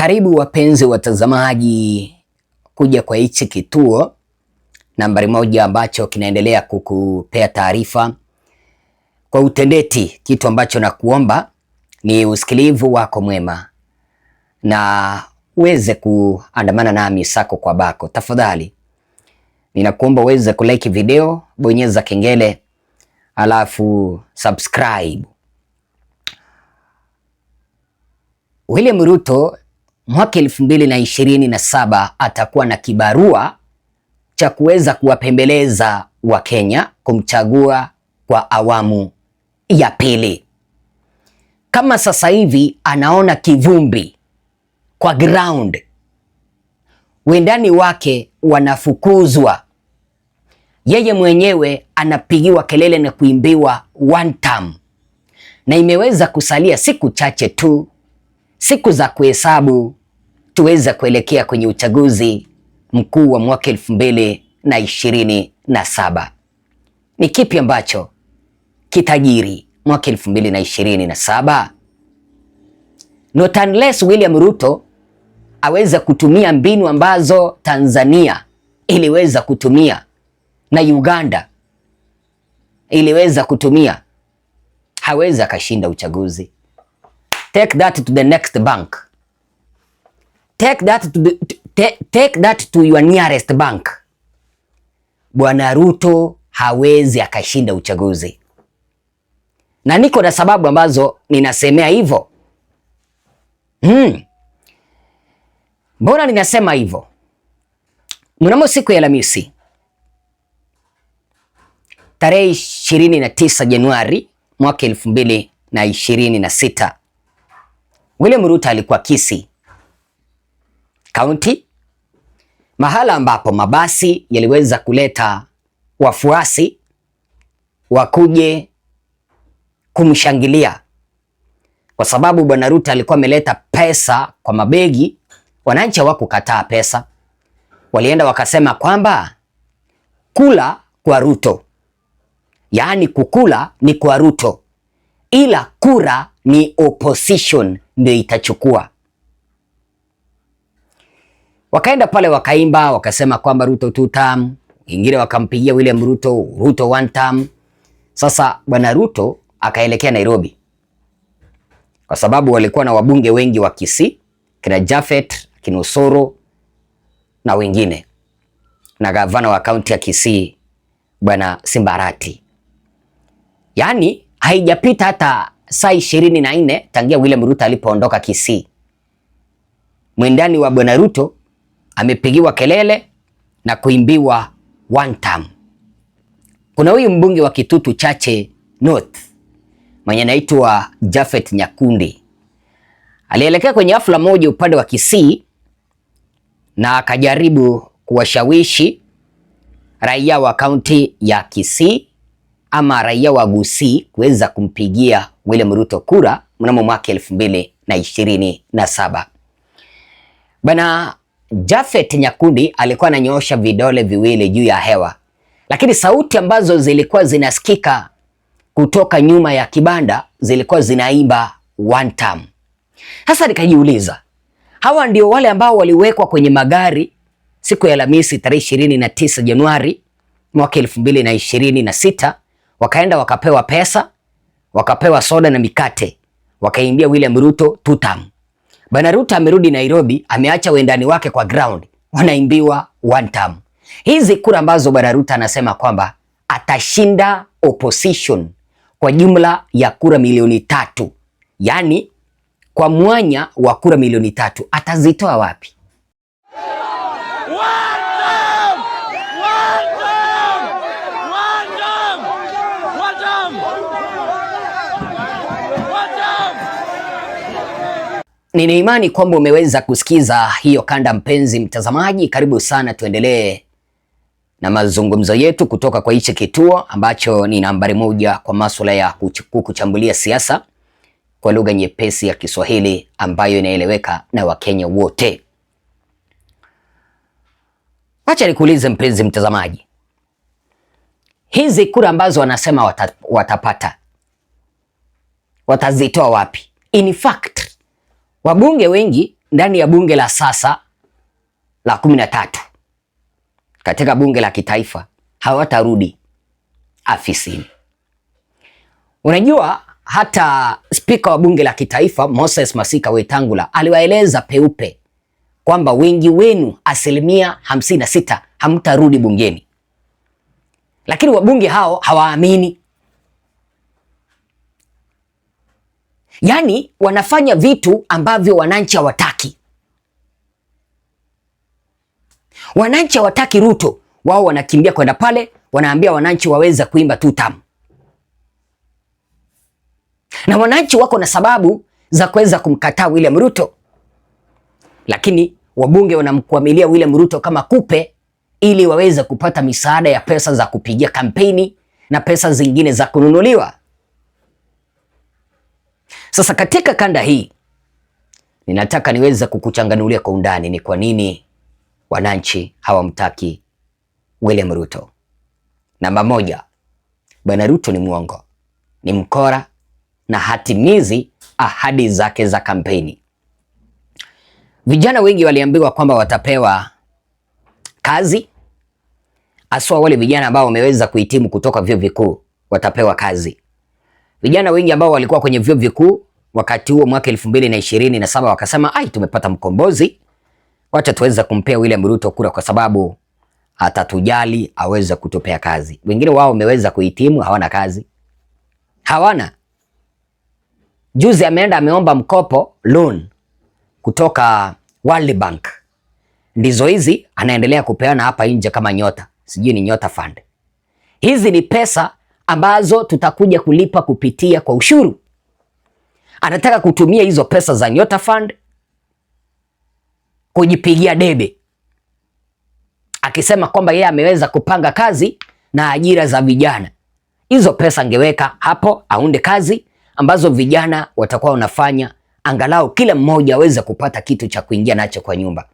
Karibu wapenzi watazamaji, kuja kwa hichi kituo nambari moja ambacho kinaendelea kukupea taarifa kwa utendeti. Kitu ambacho nakuomba ni usikilivu wako mwema na uweze kuandamana nami sako kwa bako. Tafadhali ninakuomba uweze kulike video, bonyeza kengele, alafu subscribe. William Ruto mwaka elfu mbili na ishirini na saba atakuwa na kibarua cha kuweza kuwapembeleza Wakenya kumchagua kwa awamu ya pili. Kama sasa hivi anaona kivumbi kwa ground, wendani wake wanafukuzwa, yeye mwenyewe anapigiwa kelele na kuimbiwa one term, na imeweza kusalia siku chache tu, siku za kuhesabu tuweza kuelekea kwenye uchaguzi mkuu wa mwaka elfu mbili na ishirini na saba. Ni kipi ambacho kitajiri mwaka elfu mbili na ishirini na saba? Not unless William Ruto aweza kutumia mbinu ambazo Tanzania iliweza kutumia na Uganda iliweza kutumia, hawezi akashinda uchaguzi. Take that to the next bank. Take that to the, take that to your nearest bank. Bwana Ruto hawezi akashinda uchaguzi, na niko na sababu ambazo ninasemea hivyo. Hmm. Mbona ninasema hivyo? Mnamo siku ya Alhamisi tarehe 29 Januari mwaka 2026 William Ruto alikuwa Kisii County, mahala ambapo mabasi yaliweza kuleta wafuasi wakuje kumshangilia kwa sababu Bwana Ruto alikuwa ameleta pesa kwa mabegi. Wananchi hawakukataa pesa, walienda wakasema kwamba kula kwa Ruto, yaani kukula ni kwa Ruto, ila kura ni opposition ndio itachukua. Wakaenda pale wakaimba wakasema kwamba Ruto two term, ingine wakampigia William Ruto Ruto one term. Sasa bwana Ruto akaelekea Nairobi kwa sababu walikuwa na wabunge wengi wa Kisii, kina Jafet, kina na wengine, na gavana wa kaunti ya Kisii bwana Simbarati. Yaani haijapita hata saa ishirini na nne tangia William Ruto alipoondoka Kisii. Mwendani wa bwana Ruto amepigiwa kelele na kuimbiwa one time. Kuna huyu mbunge wa Kitutu Chache North mwenye anaitwa Jafet Nyakundi alielekea kwenye hafla moja upande wa Kisii na akajaribu kuwashawishi raia wa kaunti ya Kisii ama raia wa Gusii kuweza kumpigia William Ruto kura mnamo mwaka elfu mbili na ishirini na saba. Bana Japhet Nyakundi alikuwa ananyoosha vidole viwili juu ya hewa, lakini sauti ambazo zilikuwa zinasikika kutoka nyuma ya kibanda zilikuwa zinaimba one time. Sasa nikajiuliza, hawa ndio wale ambao waliwekwa kwenye magari siku ya Alhamisi tarehe 29 Januari mwaka 2026, wakaenda wakapewa pesa, wakapewa soda na mikate, wakaimbia William Ruto two time. Bwana Ruto amerudi Nairobi, ameacha wendani wake kwa ground, wanaimbiwa one term. Hizi kura ambazo Bwana Ruto anasema kwamba atashinda opposition kwa jumla ya kura milioni tatu, yaani kwa mwanya wa kura milioni tatu atazitoa wapi? Nina imani kwamba umeweza kusikiza hiyo kanda, mpenzi mtazamaji, karibu sana, tuendelee na mazungumzo yetu kutoka kwa hichi kituo ambacho ni nambari moja kwa masuala ya kuchambulia siasa kwa lugha nyepesi ya Kiswahili ambayo inaeleweka na Wakenya wote. Acha nikuulize mpenzi mtazamaji, hizi kura ambazo wanasema watapata watazitoa wapi? In fact Wabunge wengi ndani ya bunge la sasa la kumi na tatu katika bunge la kitaifa hawatarudi afisini. Unajua, hata spika wa bunge la kitaifa Moses Masika Wetangula aliwaeleza peupe kwamba wengi wenu asilimia hamsini na sita hamtarudi bungeni, lakini wabunge hao hawaamini. Yaani wanafanya vitu ambavyo wananchi hawataki. Wananchi hawataki Ruto, wao wanakimbia kwenda pale, wanaambia wananchi waweza kuimba tu tamu, na wananchi wako na sababu za kuweza kumkataa William Ruto, lakini wabunge wanamkwamilia William Ruto kama kupe ili waweze kupata misaada ya pesa za kupigia kampeni na pesa zingine za kununuliwa. Sasa katika kanda hii ninataka niweza kukuchanganulia kwa undani ni kwa nini wananchi hawamtaki William Ruto. Namba moja, Bwana Ruto ni mwongo, ni mkora na hatimizi ahadi zake za kampeni. Vijana wengi waliambiwa kwamba watapewa kazi, aswa wale vijana ambao wameweza kuhitimu kutoka vyuo vikuu watapewa kazi, Vijana wengi ambao walikuwa kwenye vyuo vikuu wakati huo mwaka elfu mbili na ishirini na saba wakasema ai, tumepata mkombozi, wacha tuweza kumpea William Ruto kura kwa sababu atatujali, aweze kutupea kazi. Wengine wao wameweza kuhitimu, hawana kazi, hawana Juzi ameenda ameomba mkopo loan kutoka World Bank, ndizo hizi anaendelea kupeana hapa nje kama nyota, sijui ni nyota fund. Hizi ni pesa ambazo tutakuja kulipa kupitia kwa ushuru. Anataka kutumia hizo pesa za Nyota Fund kujipigia debe, akisema kwamba yeye ameweza kupanga kazi na ajira za vijana. Hizo pesa angeweka hapo, aunde kazi ambazo vijana watakuwa wanafanya, angalau kila mmoja aweze kupata kitu cha kuingia nacho kwa nyumba.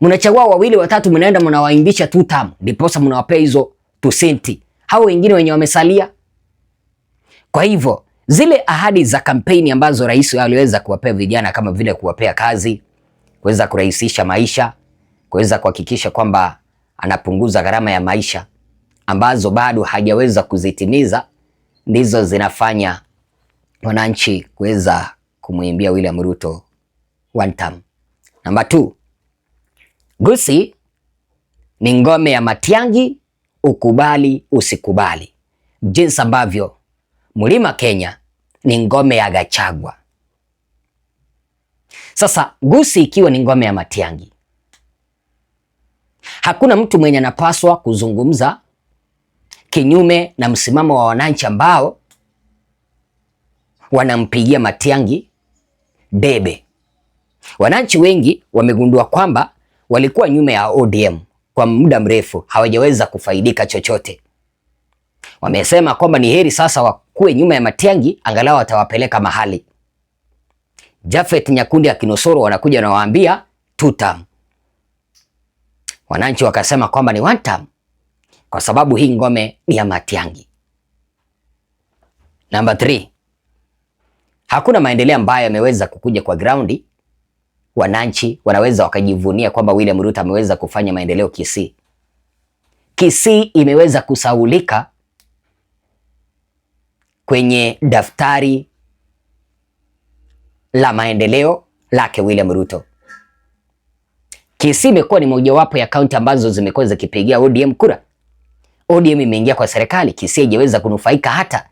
Mnachagua wawili watatu, mnaenda mnawaimbisha tu tamu, ndiposa mnawapea hizo tusenti hao wengine wenye wamesalia. Kwa hivyo zile ahadi za kampeni ambazo rais aliweza kuwapea vijana kama vile kuwapea kazi, kuweza kurahisisha maisha, kuweza kuhakikisha kwamba anapunguza gharama ya maisha, ambazo bado hajaweza kuzitimiza, ndizo zinafanya wananchi kuweza kumwimbia William Ruto one time. Namba 2 Gusii ni ngome ya Matiangi ukubali usikubali, jinsi ambavyo Mlima Kenya ni ngome ya Gachagua. Sasa Gusii ikiwa ni ngome ya Matiang'i, hakuna mtu mwenye anapaswa kuzungumza kinyume na msimamo wa wananchi ambao wanampigia Matiang'i debe. Wananchi wengi wamegundua kwamba walikuwa nyuma ya ODM kwa muda mrefu hawajaweza kufaidika chochote. Wamesema kwamba ni heri sasa wakuwe nyuma ya matiangi, angalau watawapeleka mahali. Jafet Nyakundi akinosoro wanakuja na waambia two term. Wananchi wakasema kwamba ni one term kwa sababu hii ngome ni ya Matiangi. Number 3. Hakuna maendeleo ambayo yameweza kukuja kwa graundi wananchi wanaweza wakajivunia kwamba William Ruto ameweza kufanya maendeleo Kisii. Kisii imeweza kusaulika kwenye daftari la maendeleo lake William Ruto. Kisii imekuwa ni mojawapo ya kaunti ambazo zimekuwa zikipigia ODM kura. ODM imeingia kwa serikali, Kisii haijaweza kunufaika hata.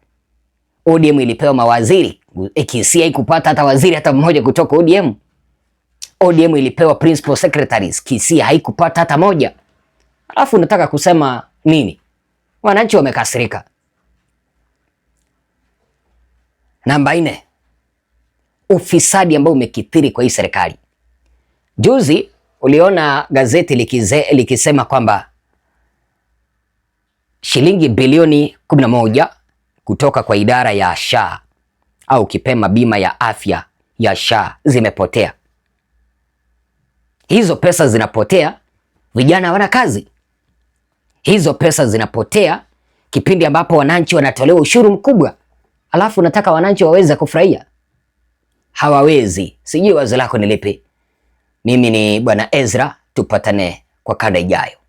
ODM ilipewa mawaziri, Kisii haikupata hata waziri hata mmoja kutoka ODM. ODM ilipewa principal secretaries, Kisia haikupata hata moja. Alafu unataka kusema nini? Wananchi wamekasirika. Namba nne, ufisadi ambao umekithiri kwa hii serikali. Juzi uliona gazeti likize, likisema kwamba shilingi bilioni 11 kutoka kwa idara ya SHA au kipema bima ya afya ya SHA zimepotea hizo pesa zinapotea, vijana hawana kazi, hizo pesa zinapotea kipindi ambapo wananchi wanatolewa ushuru mkubwa, alafu nataka wananchi waweze kufurahia? Hawawezi. Sijui wazo lako ni lipi? Mimi ni Bwana Ezra, tupatane kwa kada ijayo.